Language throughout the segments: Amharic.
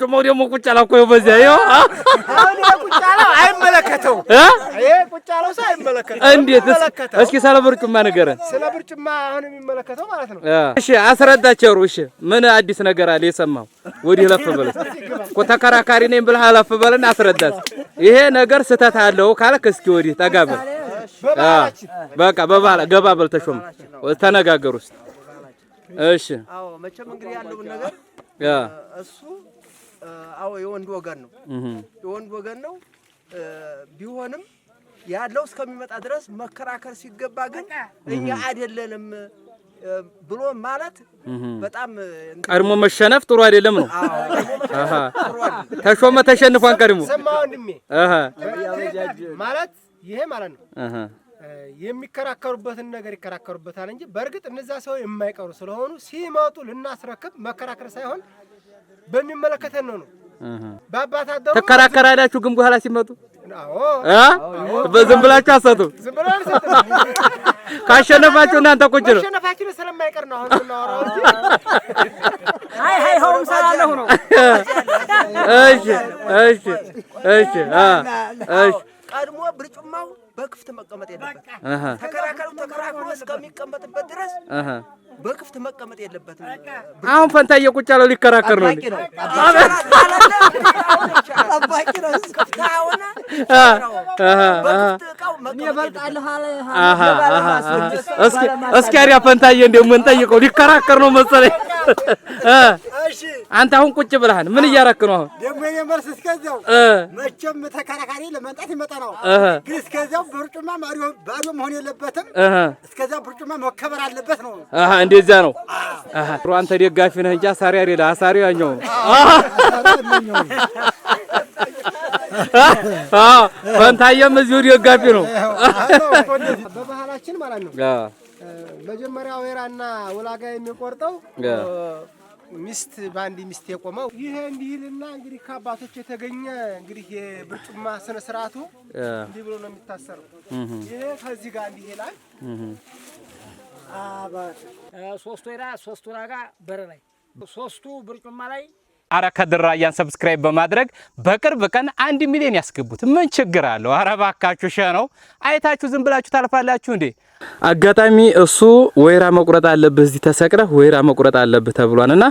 ጮማው ደግሞ ቁጫላ እኮ ይኸው በዚያ ይኸው ቁጫላው አይመለከተው ቁጫላው ሰው አይመለከተው። እንዴት እስኪ ስለ ብርጩማ ንገረን። ስለ ብርጩማ አሁን የሚመለከተው ማለት ነው። እሺ አስረዳቸው። እሺ ምን አዲስ ነገር አለ የሰማው? ወዲህ ለፍ በለን እኮ ተከራካሪ ነኝ ብለህ ለፍ በለን አስረዳት። ይሄ ነገር ስህተት አለው ካለክ እስኪ ወዲህ ጠጋ በል። በቃ በባላ ገባ በል ተሾመ ተነጋገሩ ውስጥ እሺ። አዎ መቼም እንግዲህ ያለውን ነገር እሱ አዎ የወንድ ወገን ነው፣ የወንድ ወገን ነው ቢሆንም ያለው እስከሚመጣ ድረስ መከራከር ሲገባ ግን እኛ አይደለንም ብሎ ማለት በጣም ቀድሞ መሸነፍ ጥሩ አይደለም ነው። ተሾመ ተሸንፏን ቀድሞ ሰማ ወንድሜ ማለት ይሄ ማለት ነው። የሚከራከሩበትን ነገር ይከራከሩበታል እንጂ በእርግጥ እነዛ ሰው የማይቀሩ ስለሆኑ ሲመጡ ልናስረክብ መከራከር ሳይሆን በሚመለከተን ነው ነው በአባታደሩ ግን በኋላ ሲመጡ ዝም ብላችሁ አሰጡ። ካሸነፋችሁ እናንተ ቁጭ ነው። ስለማይቀር ነው። አሁን አይ አይ ሆም ነው። እሺ እሺ እሺ እሺ ቀድሞ ብርጭማው በክፍት መቀመጥ የለበት። ተከራከሩ ተከራክሮ እስከሚቀመጥበት ድረስ በክፍት መቀመጥ የለበትም። አሁን ፈንታዬ ቁጭ ያለው ሊከራከር ነው። እስኪ አሪያ ፈንታዬ እንደው የምንጠይቀው ሊከራከር ነው መሰለኝ። አንተ አሁን ቁጭ ብለሃል። ምን እያረክ ነው? አሁን ደግሞ የኔ መልስ እስከዚያው መቼም ተከራካሪ ለመንጣት ይመጣ ነው፣ ግን እስከዚያው በርጩማ ባዶ መሆን የለበትም። እስከዚያው በርጩማ መከበር አለበት ነው። አሃ እንደዚያ ነው። አሃ አንተ ደጋፊ ነህ እንጂ አሳሪ አይደለ። አሳሪ ያኛው አሃ ፈንታየም እዚሁ ደጋፊ ነው በባህላችን ማለት ነው። መጀመሪያ ወይራና ወላጋ የሚቆርጠው ሚስት በአንድ ሚስት የቆመው ይሄ እንዲህ ይልና እንግዲህ ከአባቶች የተገኘ እንግዲህ የብርጭማ ስነ ስርዓቱ እንዲህ ብሎ ነው የሚታሰረው። ይሄ ከዚህ ጋር እንዲህ ይላል። ሶስት ወይራ ሶስት ወራጋ በር ላይ ሶስቱ ብርጭማ ላይ አራካ ድራያን ሰብስክራይብ በማድረግ በቅርብ ቀን አንድ ሚሊዮን ያስገቡት ምን ችግር አለው? አረ ባካችሁ ሸ ነው አይታችሁ ዝም ብላችሁ ታልፋላችሁ እንዴ? አጋጣሚ እሱ ወይራ መቁረጥ አለብህ እዚህ ተሰቅረህ ወይራ መቁረጥ አለብህ ተብሏልና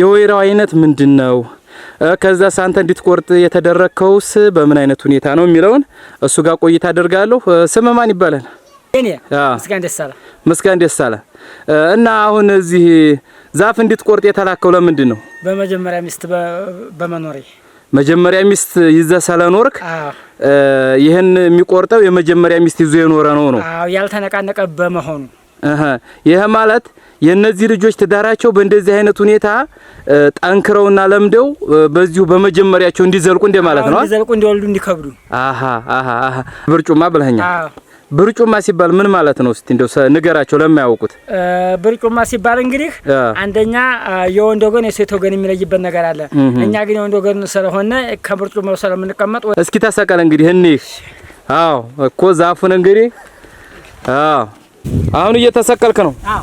የወይራው አይነት ምንድን ነው? ከዛ ሳንተ እንድትቆርጥ የተደረግከውስ በምን አይነት ሁኔታ ነው የሚለውን እሱ ጋር ቆይታ አደርጋለሁ። ስም ማን ይባላል? እኔ ምስጋን ደሳለ። እና አሁን እዚህ ዛፍ እንድትቆርጥ የተላከው ለምንድን ነው? በመጀመሪያ ሚስት በመኖሬ መጀመሪያ ሚስት ይዘህ ስለኖርክ ይህን የሚቆርጠው የመጀመሪያ ሚስት ይዞ የኖረ ነው ነው። አዎ ያልተነቃነቀ በመሆኑ ይህ ማለት የእነዚህ ልጆች ትዳራቸው በእንደዚህ አይነት ሁኔታ ጠንክረውና ለምደው በዚሁ በመጀመሪያቸው እንዲዘልቁ እንደ ማለት ነው። እንዲዘልቁ እንዲወልዱ እንዲከብዱ። አሃ አሃ አሃ ብርጩማ ብለኸኛል። ብርጩማ ሲባል ምን ማለት ነው? እስቲ እንደው ንገራቸው ለማያውቁት። ብርጩማ ሲባል እንግዲህ አንደኛ የወንድ ወገን የሴት ወገን የሚለይበት ነገር አለ። እኛ ግን የወንድ ወገን ስለሆነ ከብርጩማው ስለምንቀመጥ እስኪ ተሰቀል እንግዲህ እኒህ አዎ፣ እኮ ዛፉን እንግዲህ አዎ፣ አሁን እየተሰቀልክ ነው። አዎ፣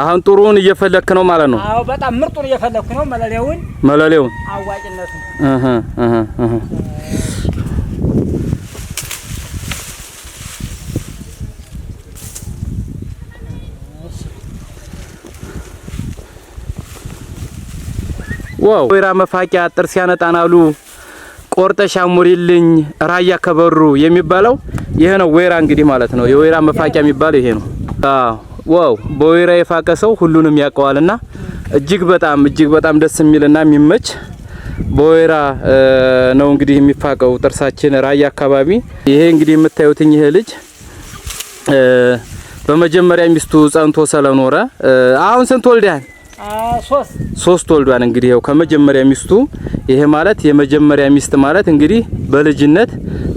አሁን ጥሩን እየፈለክ ነው ማለት ነው። አዎ፣ በጣም ምርጡን እየፈለክ ነው። መለሌውን መለሌውን እህ ዋው ወይራ መፋቂያ ጥርስ ያነጣናሉ አሉ ቆርጠሽ አሙሪልኝ ራያ ከበሩ የሚባለው ይሄ ነው። ወይራ እንግዲህ ማለት ነው የወይራ መፋቂያ የሚባለው ይሄ ነው። ዋው በወይራ የፋቀ ሰው ሁሉንም ያውቀዋልና እጅግ በጣም እጅግ በጣም ደስ የሚልና የሚመች በወይራ ነው እንግዲህ የሚፋቀው ጥርሳችን ራያ አካባቢ። ይሄ እንግዲህ የምታዩትኝ ይሄ ልጅ በመጀመሪያ ሚስቱ ጸንቶ ስለኖረ አሁን ስንት ወልዳል? ሶስት ወልዷል። እንግዲህ ያው ከመጀመሪያ ሚስቱ ይሄ ማለት የመጀመሪያ ሚስት ማለት እንግዲህ በልጅነት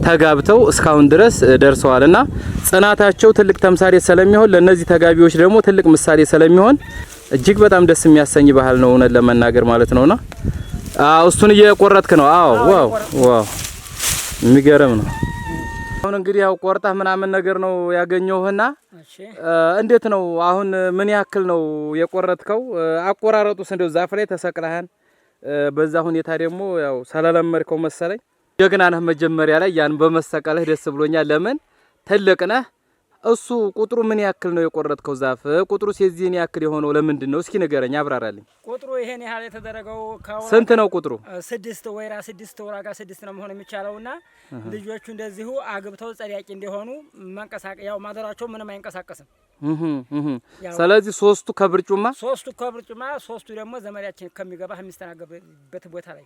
ተጋብተው እስካሁን ድረስ ደርሰዋልና ጽናታቸው ትልቅ ተምሳሌ ስለሚሆን ለነዚህ ተጋቢዎች ደግሞ ትልቅ ምሳሌ ስለሚሆን እጅግ በጣም ደስ የሚያሰኝ ባህል ነው እውነት ለመናገር ማለት ነውና እሱን እየቆረጥክ ነው? አዎ ዋው ዋው የሚገርም ነው። አሁን እንግዲህ ያው ቆርጠህ ምናምን ነገር ነው ያገኘውህና እንዴት ነው አሁን ምን ያክል ነው የቆረጥከው? አቆራረጡስ እንደው ዛፍ ላይ ተሰቅለሃል። በዛ ሁኔታ ደግሞ ያው ስለለመድከው መሰለኝ ጀግና ነህ። መጀመሪያ ላይ ያን በመሰቀልህ ደስ ብሎኛል። ለምን ትልቅ ነህ እሱ ቁጥሩ ምን ያክል ነው የቆረጥከው ዛፍ? ቁጥሩ የዚህን ያክል የሆነው ለምንድን ነው? እስኪ ንገረኝ፣ አብራራልኝ። ቁጥሩ ይሄን ያህል የተደረገው ስንት ነው ቁጥሩ? ስድስት ወይራ ስድስት ወራጋ ስድስት ነው መሆን የሚቻለውና ልጆቹ እንደዚሁ አግብተው ጸዳቂ እንዲሆኑ መንቀሳቀ ያው ማደራቸው ምንም አይንቀሳቀስም። ስለዚህ ሶስቱ ከብርጩማ ሶስቱ ከብርጩማ ሶስቱ ደግሞ ዘመዳችን ከሚገባ የሚስተናገበት ቦታ ላይ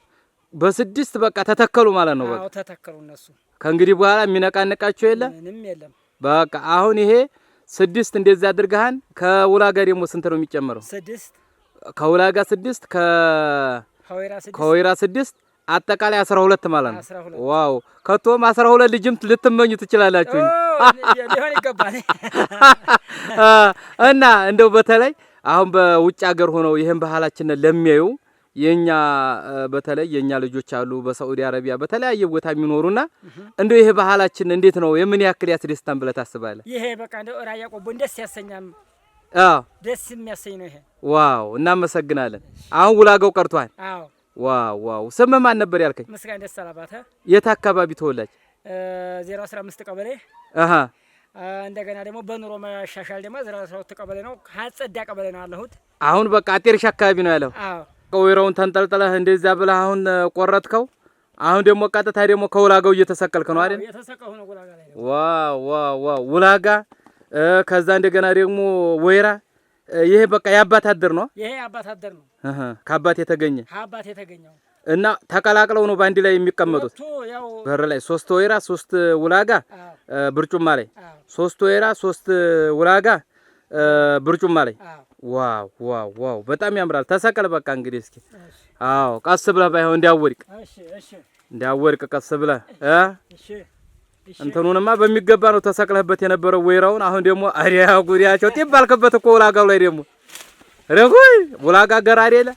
በስድስት በቃ ተተከሉ ማለት ነው። በቃ ተተከሉ። እነሱ ከእንግዲህ በኋላ የሚነቃነቃቸው የለ ምንም የለም። በቃ አሁን ይሄ ስድስት እንደዚህ አድርገሃን። ከውላ ጋር ደግሞ ስንት ነው የሚጨመረው? ስድስት ከውላ ጋር ስድስት ከወይራ ስድስት አጠቃላይ አስራ ሁለት ማለት ነው። ዋው ከቶም አስራ ሁለት ልጅም ልትመኙ ትችላላችሁ እና እንደው በተለይ አሁን በውጭ ሀገር ሆነው ይህን ባህላችንን ለሚያዩ የኛ በተለይ የኛ ልጆች አሉ በሳዑዲ አረቢያ በተለያየ ቦታ የሚኖሩና እንደው ይሄ ባህላችን እንዴት ነው የምን ያክል ያስደስታን ብለህ ታስባለህ? ይሄ በቃ እንደው ራያ ቆቦን ደስ ያሰኛም። አዎ ደስ የሚያሰኝ ነው ይሄ። ዋው እናመሰግናለን። አሁን ውላገው ቀርቷል። አዎ ዋው ዋው። ስምህ ማን ነበር ያልከኝ? ምስጋና ደስ አላባተ። የት አካባቢ ተወላጅ? 015 ቀበሌ አሃ እንደገና ደግሞ በኑሮ መሻሻል ደግሞ 012 ቀበሌ ነው። ሀጸዳ ቀበሌ ነው አለሁት። አሁን በቃ አጤርሽ አካባቢ ነው ያለው። አዎ ወይራውን ተንጠልጥለህ እንደዚያ ብለህ አሁን ቆረጥከው። አሁን ደግሞ ቀጥታ ደግሞ ከውላጋው እየተሰቀልክ ነው አይደል? ዋው ዋው ዋው! ውላጋ ከዛ እንደገና ደግሞ ወይራ ይሄ በቃ የአባት አደር ነው። ይሄ የአባት አደር ነው። እህ ከአባት የተገኘ ከአባት የተገኘ እና ተቀላቅለው ነው በአንድ ላይ የሚቀመጡት በር ላይ ሶስት ወይራ ሶስት ውላጋ ብርጩማ ላይ ሶስት ወይራ ሶስት ውላጋ ብርጩማ ላይ ዋው ዋው ዋው! በጣም ያምራል። ተሰቀል በቃ እንግዲህ እስኪ። አዎ ቀስ ብለህ ባይሆን እንዳወድቅ እንዳወድቅ ቀስ ብለህ እንትኑንማ በሚገባ ነው ተሰቅለህበት የነበረው ወይራውን። አሁን ደግሞ አዲያ ጉዲያቸው ጢብ አልክበት እኮ ውላጋው ላይ ደግሞ ረጉይ ውላጋ ገራ አይደለ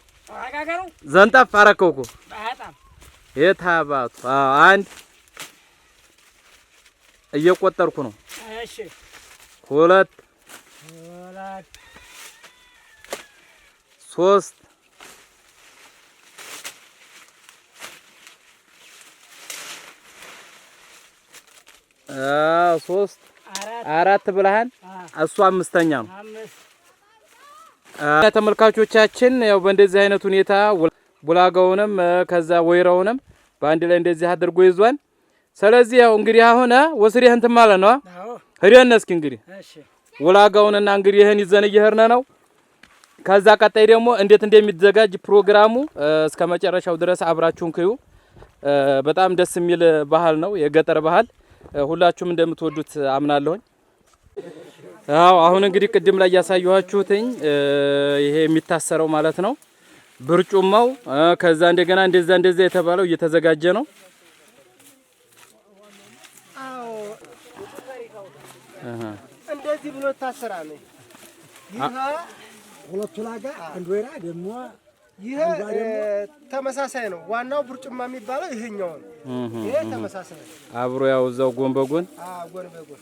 ዘንጠፍ አረከው እኮ የታባቱ። አዎ አንድ እየቆጠርኩ ነው። ሁለት ሶስት ሶስት አራት ብልሃን እሱ አምስተኛ ነው። ተመልካቾቻችን ያው በእንደዚህ አይነት ሁኔታ ቡላጋውንም ከዛ ወይራውንም በአንድ ላይ እንደዚህ አድርጎ ይዟል። ስለዚህ ያው እንግዲህ አሁን ወስሪህ እንትን ማለት ነው። ህሪያነስኪ እንግዲህ ቡላጋውንና እንግዲህ ይህን ይዘን እየሄድን ነው። ከዛ ቀጣይ ደግሞ እንዴት እንደሚዘጋጅ ፕሮግራሙ እስከ መጨረሻው ድረስ አብራችሁን ክዩ። በጣም ደስ የሚል ባህል ነው፣ የገጠር ባህል ሁላችሁም እንደምትወዱት አምናለሁኝ። አዎ አሁን እንግዲህ ቅድም ላይ ያሳየኋችሁትኝ ይሄ የሚታሰረው ማለት ነው ብርጩማው። ከዛ እንደገና እንደዛ እንደዛ የተባለው እየተዘጋጀ ነው። እንደዚህ ብሎ ታሰራ ነው ሁለቱ ላጋ አንድ ወይራ ደግሞ ይሄ ተመሳሳይ ነው። ዋናው ብርጩማ የሚባለው ይሄኛው ነው። ይሄ ተመሳሳይ ነው። አብሮ ያው እዛው ጎን በጎን ጎን በጎን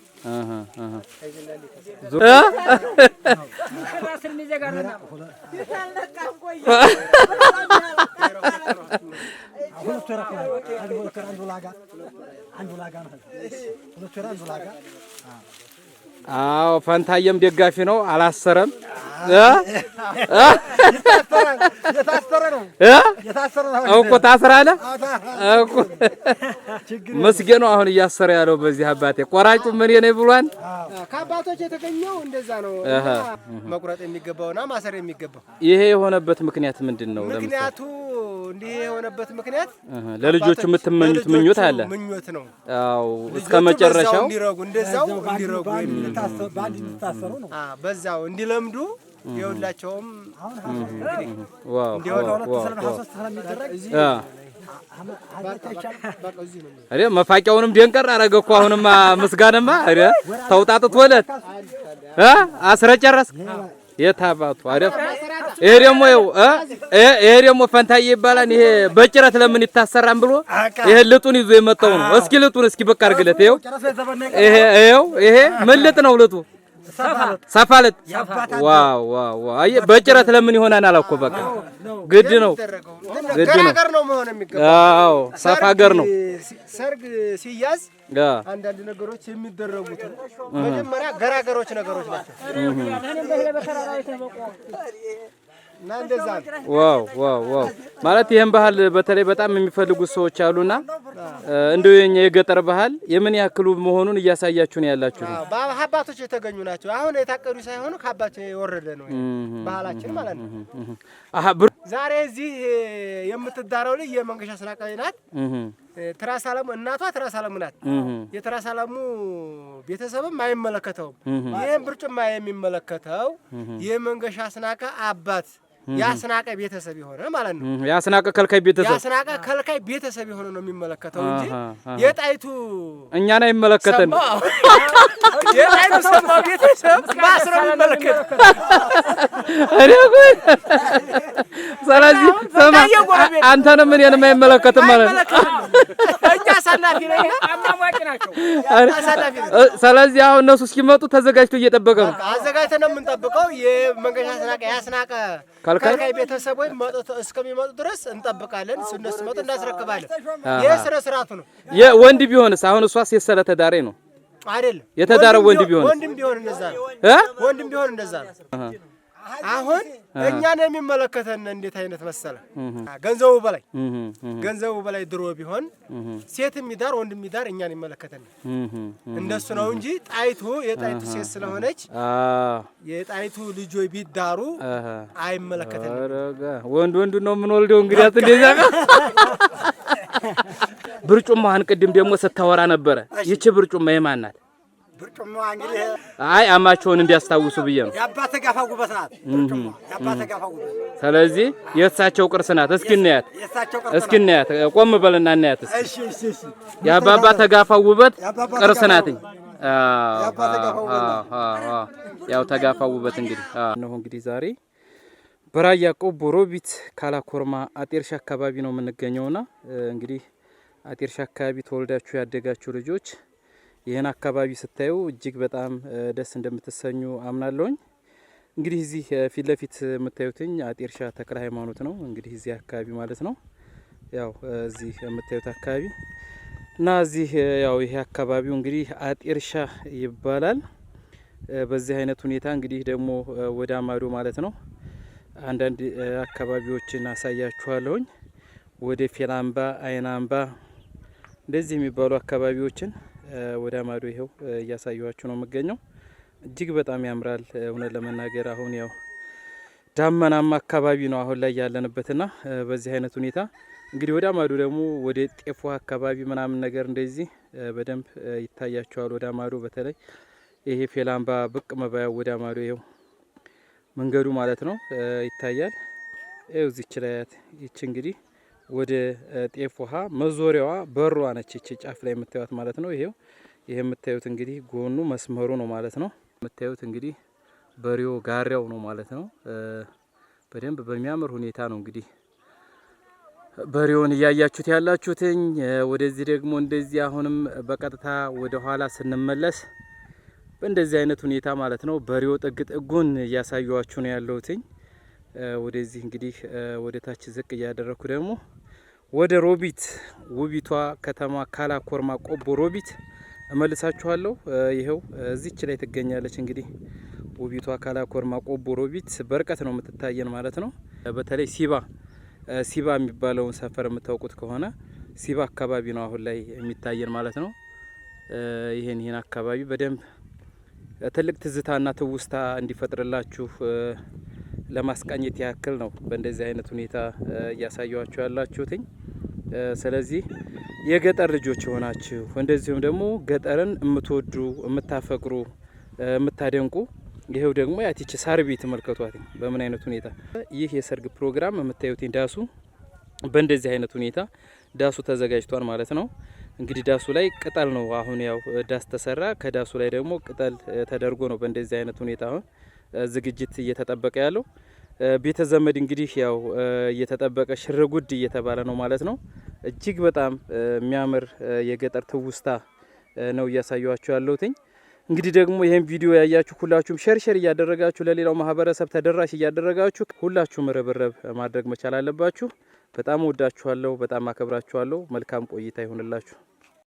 አዎ ፈንታየም ደጋፊ ነው፣ አላሰረም። እኮ ታስራለ እኮ መስጌ ነው አሁን እያሰረ ያለው በዚህ አባቴ ቆራጩ ምን የኔ ብሏን ከአባቶች የተገኘው እንደዛ ነው። መቁረጥ የሚገባውና ማሰር የሚገባው ይሄ የሆነበት ምክንያት ምንድን ነው? ምክንያቱ እንዲህ የሆነበት ምክንያት ለልጆቹ የምትመኙት ምኞት አለ ምኞት ነው። አዎ እስከ መጨረሻው እንዲረጉ እንደዛው እንዲረጉ እንድታሰሩ ነው። በዛው እንዲለምዱ የሁላቸውም እኔ መፋቂያውንም ደንቀር አረገ እኮ አሁንማ፣ ምስጋናማ ተውጣጥቶለት አስረ ጨረስክ የታባቱ አደፍ ይሄ ደግሞ ይሄ ደግሞ ፈንታዬ ይባላል። ይሄ በጭረት ለምን ይታሰራም ብሎ ይሄ ልጡን ይዞ የመጣው ነው። እስኪ ልጡን እስኪ በቃ አድርግለት። ይሄ ይሄ ምን ልጥ ነው ልጡ? ዋው ዋው ዋው! አየህ በጭረት ለምን ይሆናል አላኮ በቃ ግድ ነው ግድ ነው። አዎ ሰፋ ሀገር ነው። ሰርግ ሲያዝ አንዳንድ ነገሮች የሚደረጉት መጀመሪያ ገራገሮች ነገሮች ናቸው። ዋው ዋው ዋው ማለት ይህን ባህል በተለይ በጣም የሚፈልጉት ሰዎች አሉና እንደው የኛ የገጠር ባህል የምን ያክሉ መሆኑን እያሳያችሁ ነው ያላችሁ። አባቶች የተገኙ ናቸው። አሁን የታቀዱ ሳይሆኑ ከአባቸው የወረደ ነው ባህላችን ማለት ነው። ዛሬ እዚህ የምትዳረው ልጅ የመንገሻ ስራ ቀይ ናት። ትራስ አለሙ እናቷ ትራስ አለሙ ናት። የትራስ አለሙ ቤተሰብም አይመለከተውም። ይህም ብርጭማ የሚመለከተው የመንገሻ አስናቀ አባት የአስናቀ ቤተሰብ የሆነ ማለት ነው። የአስናቀ ከልካይ ቤተሰብ የአስናቀ ከልካይ ቤተሰብ የሆነ ነው የሚመለከተው እንጂ የጣይቱ እኛን አይመለከተን የላይኑ ቤተሰብ እኔ ስለዚህ አንተንም እኔንም አይመለከትም ማለት ነው። ስለዚህ አሁን እነሱ እስኪመጡ ተዘጋጅቶ እየጠበቀ ነው። አዘጋጅተን ነው የምንጠብቀው። የመንገሻ ያስናቀ ከልካይ እስከሚመጡ ድረስ እንጠብቃለን። እነሱ መጡ እናስረክባለን። ይህ ስነ ስርዓቱ ነው። ወንድ ቢሆንስ? አሁን እሷ ሴት ስለተዳሬ ነው አይደለም የተዳረው ወንድ ቢሆን ወንድም ቢሆን እንደዛ ነው እ ወንድም ቢሆን እንደዛ ነው። አሁን እኛን የሚመለከተን እንዴት አይነት መሰለ ገንዘቡ በላይ ገንዘቡ በላይ ድሮ ቢሆን ሴት የሚዳር ወንድ የሚዳር እኛን ይመለከተን እንደሱ ነው እንጂ ጣይቱ የጣይቱ ሴት ስለሆነች የጣይቱ ልጆ ቢዳሩ አይመለከተን። ወንድ ወንዱ ነው የምንወልደው እንግዲህ እንደዛ ብርጩማህን ቅድም ደግሞ ስታወራ ነበረ። ይቺ ብርጩማ የማን ናት? ብርጩማ እንግዲህ አይ አማቸውን እንዲያስታውሱ ብዬ ነው። የአባተ ጋፋ ጉበት ናት ስለዚህ የእሳቸው ቅርስ ናት። እስኪ እናያት፣ እስኪ እናያት፣ ቆም በልና እናያት እስኪ። እሺ፣ እሺ፣ የአባባ ተጋፋ ውበት ቅርስ ናትኝ። ያው ተጋፋ ውበት እንግዲህ ነው እንግዲህ ዛሬ በራያ ቆቦ ሮቢት ካላኮርማ አጤርሻ አካባቢ ነው የምንገኘውና እንግዲህ አቴርሻ አካባቢ ተወልዳችሁ ያደጋችሁ ልጆች ይህን አካባቢ ስታዩ እጅግ በጣም ደስ እንደምትሰኙ አምናለሁኝ። እንግዲህ እዚህ ፊት ለፊት የምታዩትኝ አጤርሻ ተክለ ሃይማኖት ነው። እንግዲህ እዚህ አካባቢ ማለት ነው ያው እዚህ የምታዩት አካባቢ እና እዚህ ያው ይሄ አካባቢው እንግዲህ አጤርሻ ይባላል። በዚህ አይነት ሁኔታ እንግዲህ ደግሞ ወደ አማዶ ማለት ነው አንዳንድ አካባቢዎችን አሳያችኋለሁኝ። ወደ ፌላምባ አይናምባ እንደዚህ የሚባሉ አካባቢዎችን ወደ ማዶ ይኸው እያሳየኋችሁ ነው የምገኘው። እጅግ በጣም ያምራል። እውነት ለመናገር አሁን ያው ዳመናማ አካባቢ ነው አሁን ላይ ያለንበትና በዚህ አይነት ሁኔታ እንግዲህ ወደ ማዶ ደግሞ ወደ ጤፎ አካባቢ ምናምን ነገር እንደዚህ በደንብ ይታያቸዋል። ወደ ማዶ በተለይ ይሄ ፌላምባ ብቅ መባያው ወደ ማዶ ይኸው መንገዱ ማለት ነው ይታያል። ይኸው እዚች ላያት ይች እንግዲህ ወደ ጤፍ ውሃ መዞሪያዋ በሯ ነች። ይቺ ጫፍ ላይ የምታዩት ማለት ነው። ይሄው ይሄ የምታዩት እንግዲህ ጎኑ መስመሩ ነው ማለት ነው። የምታዩት እንግዲህ በሬው ጋሪያው ነው ማለት ነው። በደንብ በሚያምር ሁኔታ ነው እንግዲህ በሬውን እያያችሁት ያላችሁትኝ። ወደዚህ ደግሞ እንደዚህ አሁንም በቀጥታ ወደ ኋላ ስንመለስ በእንደዚህ አይነት ሁኔታ ማለት ነው በሬው ጥግ ጥጉን እያሳዩዋችሁ ነው ያለሁትኝ። ወደዚህ እንግዲህ ወደ ታች ዝቅ ያደረኩ ደግሞ ወደ ሮቢት ውቢቷ ከተማ ካላኮርማ ቆቦ ሮቢት እመልሳችኋለሁ። ይኸው እዚች ላይ ትገኛለች። እንግዲህ ውቢቷ ካላኮርማ ቆቦ ሮቢት በርቀት ነው የምትታየን ማለት ነው። በተለይ ሲባ ሲባ የሚባለውን ሰፈር የምታውቁት ከሆነ ሲባ አካባቢ ነው አሁን ላይ የሚታየን ማለት ነው። ይህን ይህን አካባቢ በደንብ ትልቅ ትዝታና ትውስታ እንዲፈጥርላችሁ ለማስቃኘት ያክል ነው በእንደዚህ አይነት ሁኔታ እያሳየዋችሁ ያላችሁትኝ። ስለዚህ የገጠር ልጆች የሆናችሁ እንደዚሁም ደግሞ ገጠርን የምትወዱ የምታፈቅሩ፣ የምታደንቁ ይሄው ደግሞ ያቲች ሳር ቤት መልከቷት በምን አይነት ሁኔታ ይህ የሰርግ ፕሮግራም የምታዩት ዳሱ በእንደዚህ አይነት ሁኔታ ዳሱ ተዘጋጅቷል ማለት ነው። እንግዲህ ዳሱ ላይ ቅጠል ነው አሁን ያው ዳስ ተሰራ። ከዳሱ ላይ ደግሞ ቅጠል ተደርጎ ነው በእንደዚህ አይነት ሁኔታ አሁን ዝግጅት እየተጠበቀ ያለው። ቤተ ዘመድ እንግዲህ ያው እየተጠበቀ ሽርጉድ እየተባለ ነው ማለት ነው። እጅግ በጣም የሚያምር የገጠር ትውስታ ነው እያሳየኋችሁ ያለሁትኝ። እንግዲህ ደግሞ ይህን ቪዲዮ ያያችሁ ሁላችሁም ሸርሸር እያደረጋችሁ ለሌላው ማህበረሰብ ተደራሽ እያደረጋችሁ ሁላችሁም ርብርብ ማድረግ መቻል አለባችሁ። በጣም ወዳችኋለሁ። በጣም አከብራችኋለሁ። መልካም ቆይታ ይሁንላችሁ።